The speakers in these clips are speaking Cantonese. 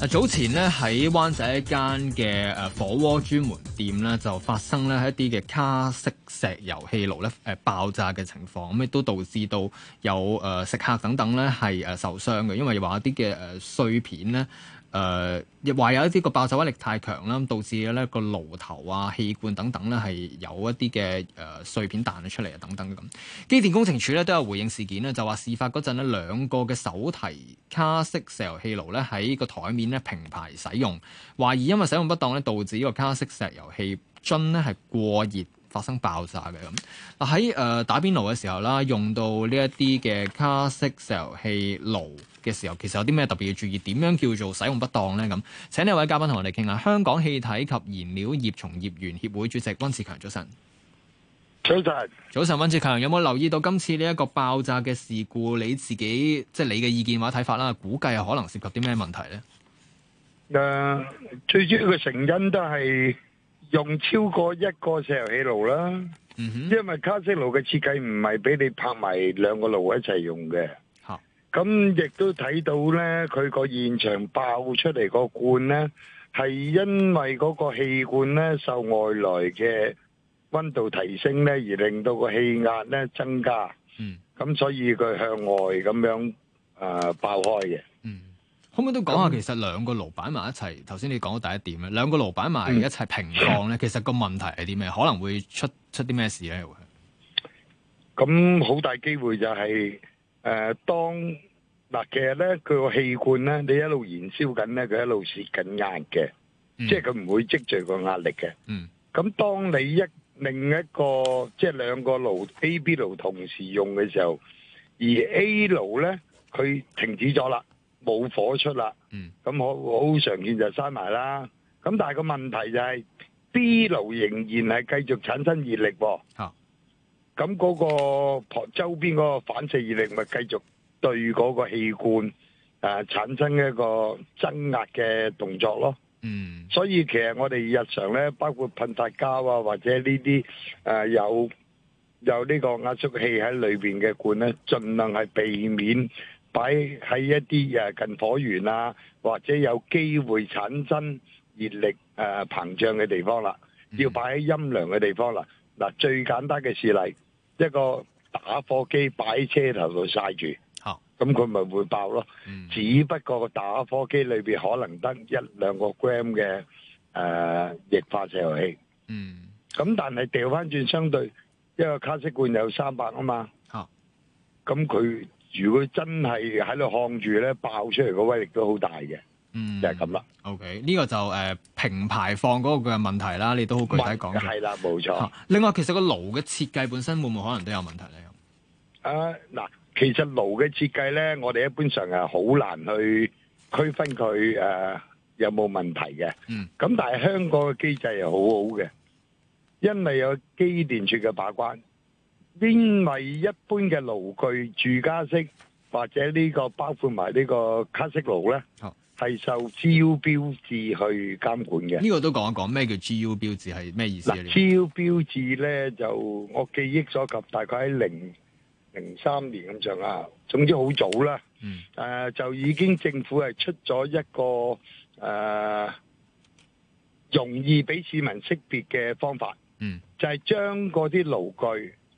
啊，早前咧喺灣仔一間嘅火鍋專門店咧，就發生咧一啲嘅卡式石油氣爐咧爆炸嘅情況，咁亦都導致到有食客等等咧係受傷嘅，因為話啲嘅碎片咧。誒，亦話、呃、有一啲個爆炸威力太強啦，導致咧個爐頭啊、氣罐等等咧，係有一啲嘅誒碎片彈咗出嚟啊，等等咁。機電工程署咧都有回應事件咧，就話事發嗰陣咧兩個嘅手提卡式石油氣爐咧喺個台面咧平排使用，懷疑因為使用不當咧導致呢個卡式石油氣樽咧係過熱，發生爆炸嘅咁，喺誒、呃、打邊爐嘅時候啦，用到呢一啲嘅卡式石油氣爐嘅時候，其實有啲咩特別要注意？點樣叫做使用不當呢？咁，請呢位嘉賓同我哋傾下。香港氣體及燃料業從業員協會主席溫志強，早晨。早晨，早晨，溫志強，有冇留意到今次呢一個爆炸嘅事故？你自己即係、就是、你嘅意見或者睇法啦。估計可能涉及啲咩問題呢？誒、呃，最主要嘅成因都係。用超過一個石油氣爐啦，mm hmm. 因為卡式爐嘅設計唔係俾你拍埋兩個爐一齊用嘅。咁亦都睇到呢，佢個現場爆出嚟個罐呢，係因為嗰個氣罐呢受外來嘅溫度提升呢，而令到個氣壓呢增加，咁、mm. 所以佢向外咁樣啊、呃、爆開嘅。咁都講下，其實兩個爐擺埋一齊，頭先、嗯、你講到第一點咧，兩個爐擺埋一齊平放咧，嗯、其實個問題係啲咩？可能會出出啲咩事呢？咁好大機會就係、是呃、當嗱其實咧，佢個氣罐呢，你一路燃燒緊呢，佢一路泄緊壓嘅，嗯、即係佢唔會積聚個壓力嘅。咁、嗯、當你一另一個即係、就是、兩個爐 A、B 爐同時用嘅時候，而 A 爐呢，佢停止咗啦。冇火出啦，咁好好常見就閂埋啦。咁但係個問題就係、是、B 爐仍然係繼續產生熱力喎、哦。咁嗰、啊、個旁周邊嗰個反射熱力咪繼續對嗰個氣罐誒、呃、產生一個增壓嘅動作咯。嗯，所以其實我哋日常咧，包括噴髮膠啊或者、呃、呢啲誒有有呢個壓縮器喺裏邊嘅罐咧，盡量係避免。擺喺一啲誒近火源啊，或者有機會產生熱力誒膨脹嘅地方啦，要擺喺陰涼嘅地方啦。嗱、嗯，最簡單嘅事例，一個打火機擺喺車頭度曬住，咁佢咪會爆咯。嗯、只不過個打火機裏邊可能得一兩個 gram 嘅誒液化石油氣。嗯。咁但係掉翻轉相對，一個卡式罐有三百啊嘛。吓、啊。咁佢。如果真係喺度看住咧，爆出嚟個威力都好大嘅。嗯、就係咁啦。OK，呢個就誒、是呃、平排放嗰個嘅問題啦，你都好具體講係啦，冇錯、啊。另外，其實個爐嘅設計本身會唔會可能都有問題咧？嗱、啊，其實爐嘅設計咧，我哋一般上係好難去區分佢誒、呃、有冇問題嘅。嗯，咁但係香港嘅機制係好好嘅，因為有機電處嘅把關。因為一般嘅爐具住家式或者呢、這個包括埋呢個卡式爐咧，係、哦、受 G U 標誌去監管嘅。呢個都講一講咩叫 G U 標誌係咩意思呢？G U 標誌咧，就我記憶所及，大概喺零零三年咁上下，總之好早啦。誒、嗯呃，就已經政府係出咗一個誒、呃、容易俾市民識別嘅方法，嗯、就係將嗰啲爐具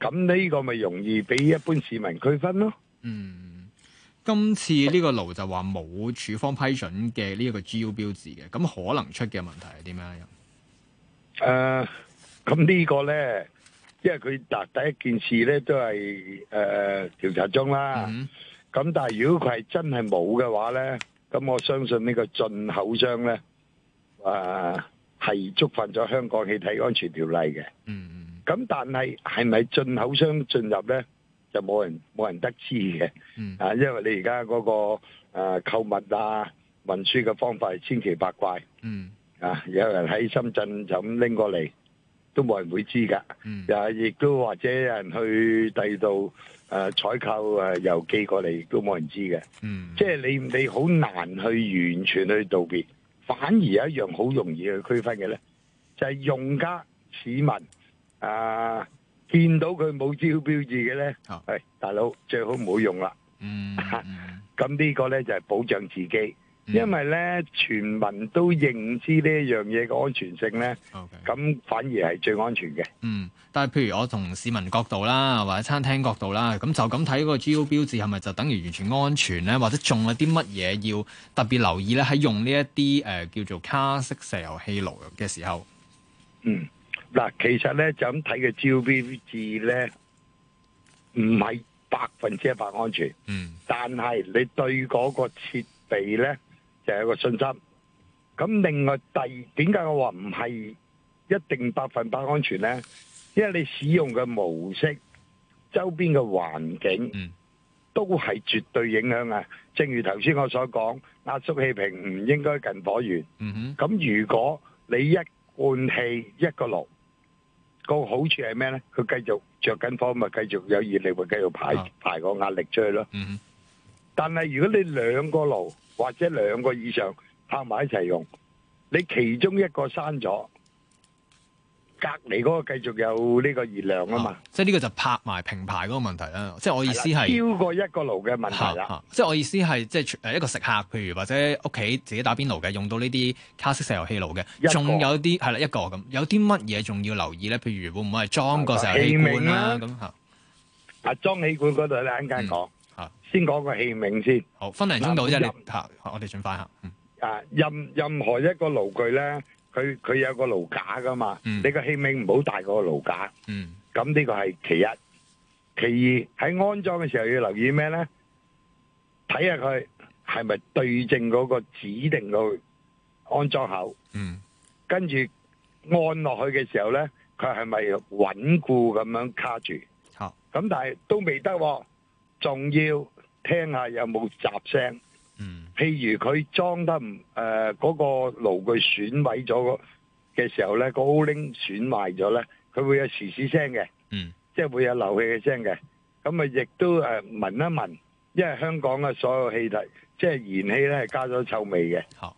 咁呢個咪容易俾一般市民區分咯。嗯，今次呢個爐就話冇處方批准嘅呢一個 G U 標誌嘅，咁可能出嘅問題係點樣？咧、呃？誒，咁呢個咧，因為佢第第一件事咧都係誒調查中啦。咁、嗯、但係如果佢係真係冇嘅話咧，咁我相信呢個進口商咧，誒係觸犯咗香港氣體安全條例嘅。嗯嗯。咁但係係咪進口商進入咧，就冇人冇人得知嘅，啊，因為你而家嗰個誒購物啊運輸嘅方法係千奇百怪，啊，有人喺深圳就咁拎過嚟，都冇人會知噶，啊，亦都或者有人去第二度誒採購誒郵寄過嚟，都冇人知嘅，即係你你好難去完全去道別，反而有一樣好容易去區分嘅咧，就係用家市民。啊！見到佢冇 G U 標誌嘅呢，係、oh. 哎、大佬最好唔好用啦、嗯。嗯，咁呢 個呢，就係、是、保障自己，嗯、因為呢全民都認知呢一樣嘢嘅安全性呢，咁 Okay. 反而係最安全嘅。嗯，但係譬如我從市民角度啦，或者餐廳角度啦，咁就咁睇個 G U 標誌係咪就等於完全安全呢？或者仲有啲乜嘢要特別留意呢？喺用呢一啲誒、呃、叫做卡式石油氣爐嘅時候，嗯。嗱，其實咧就咁睇嘅 g b b 字咧，唔係百分之一百安全。嗯。Mm. 但係你對嗰個設備咧就有一個信心。咁另外第二，點解我話唔係一定百分百安全咧？因為你使用嘅模式、周邊嘅環境、mm. 都係絕對影響啊！正如頭先我所講，壓縮氣瓶唔應該近火源。嗯哼、mm hmm. 咁如果你一罐氣一個爐。個好處係咩咧？佢繼續着緊火，咪繼續有熱力，咪繼續排排個壓力出去咯。嗯、哼但係如果你兩個爐或者兩個以上拍埋一齊用，你其中一個閂咗。隔離嗰個繼續有呢個熱量啊嘛，啊即係呢個就拍埋平排嗰個問題啦。即係的我意思係超過一個爐嘅問題啦、啊啊。即係我意思係即係誒一個食客，譬如或者屋企自己打邊爐嘅，用到呢啲卡式石油氣爐嘅，仲有啲係啦一個咁、嗯。有啲乜嘢仲要留意咧？譬如會唔會係裝個石油氣罐啦？咁嚇啊！啊裝氣管嗰度陣間講嚇，嗯啊、先講個氣明先。好，分零分鐘到啫。嚇任，我哋盡快嚇。啊，嗯、任任何一個爐具咧。佢佢有個爐架噶嘛，嗯、你個器皿唔好大過爐架，咁呢、嗯、個係其一。其二喺安裝嘅時候要留意咩咧？睇下佢係咪對正嗰個指定個安裝口，嗯、跟住按落去嘅時候咧，佢係咪穩固咁樣卡住？好、啊，咁但係都未得，仲要聽一下有冇雜聲。嗯，譬如佢裝得誒嗰、呃嗰個爐具損毀咗嘅時候咧，嗰個 O-ring 損壞咗咧，佢會有絲絲聲嘅，嗯，即係會有漏氣嘅聲嘅，咁啊亦都誒聞一聞，因為香港嘅所有氣體即係燃氣咧係加咗臭味嘅，好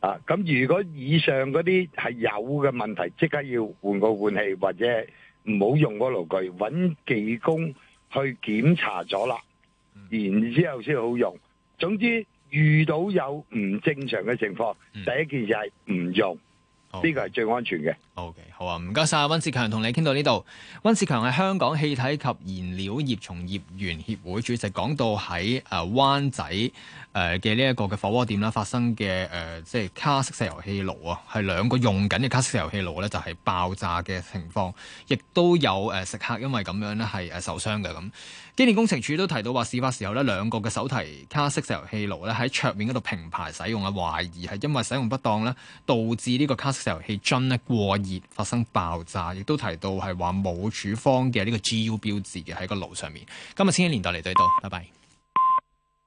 啊，咁如果以上嗰啲係有嘅問題，即刻要換個換氣或者唔好用嗰爐具，搵技工去檢查咗啦，然之後先好用。總之，遇到有唔正常嘅情況，第一件事係唔用。呢個係最安全嘅。O、okay, K，好啊，唔該曬，温志強同你傾到呢度。温志強係香港氣體及燃料業從業員協會主席。講到喺誒灣仔誒嘅呢一個嘅火鍋店啦，發生嘅誒、呃、即係卡式石油氣爐啊，係兩個用緊嘅卡式石油氣爐咧，就係爆炸嘅情況，亦都有誒食客因為咁樣咧係誒受傷嘅咁。機電工程署都提到話事發時候咧兩個嘅手提卡式石油氣爐咧喺桌面嗰度平排使用啊，懷疑係因為使用不當咧導致呢個卡式。石油氣樽咧過熱發生爆炸，亦都提到係話冇處方嘅呢個 G U 標誌嘅喺個爐上面。今日千禧年代嚟到呢度，拜拜。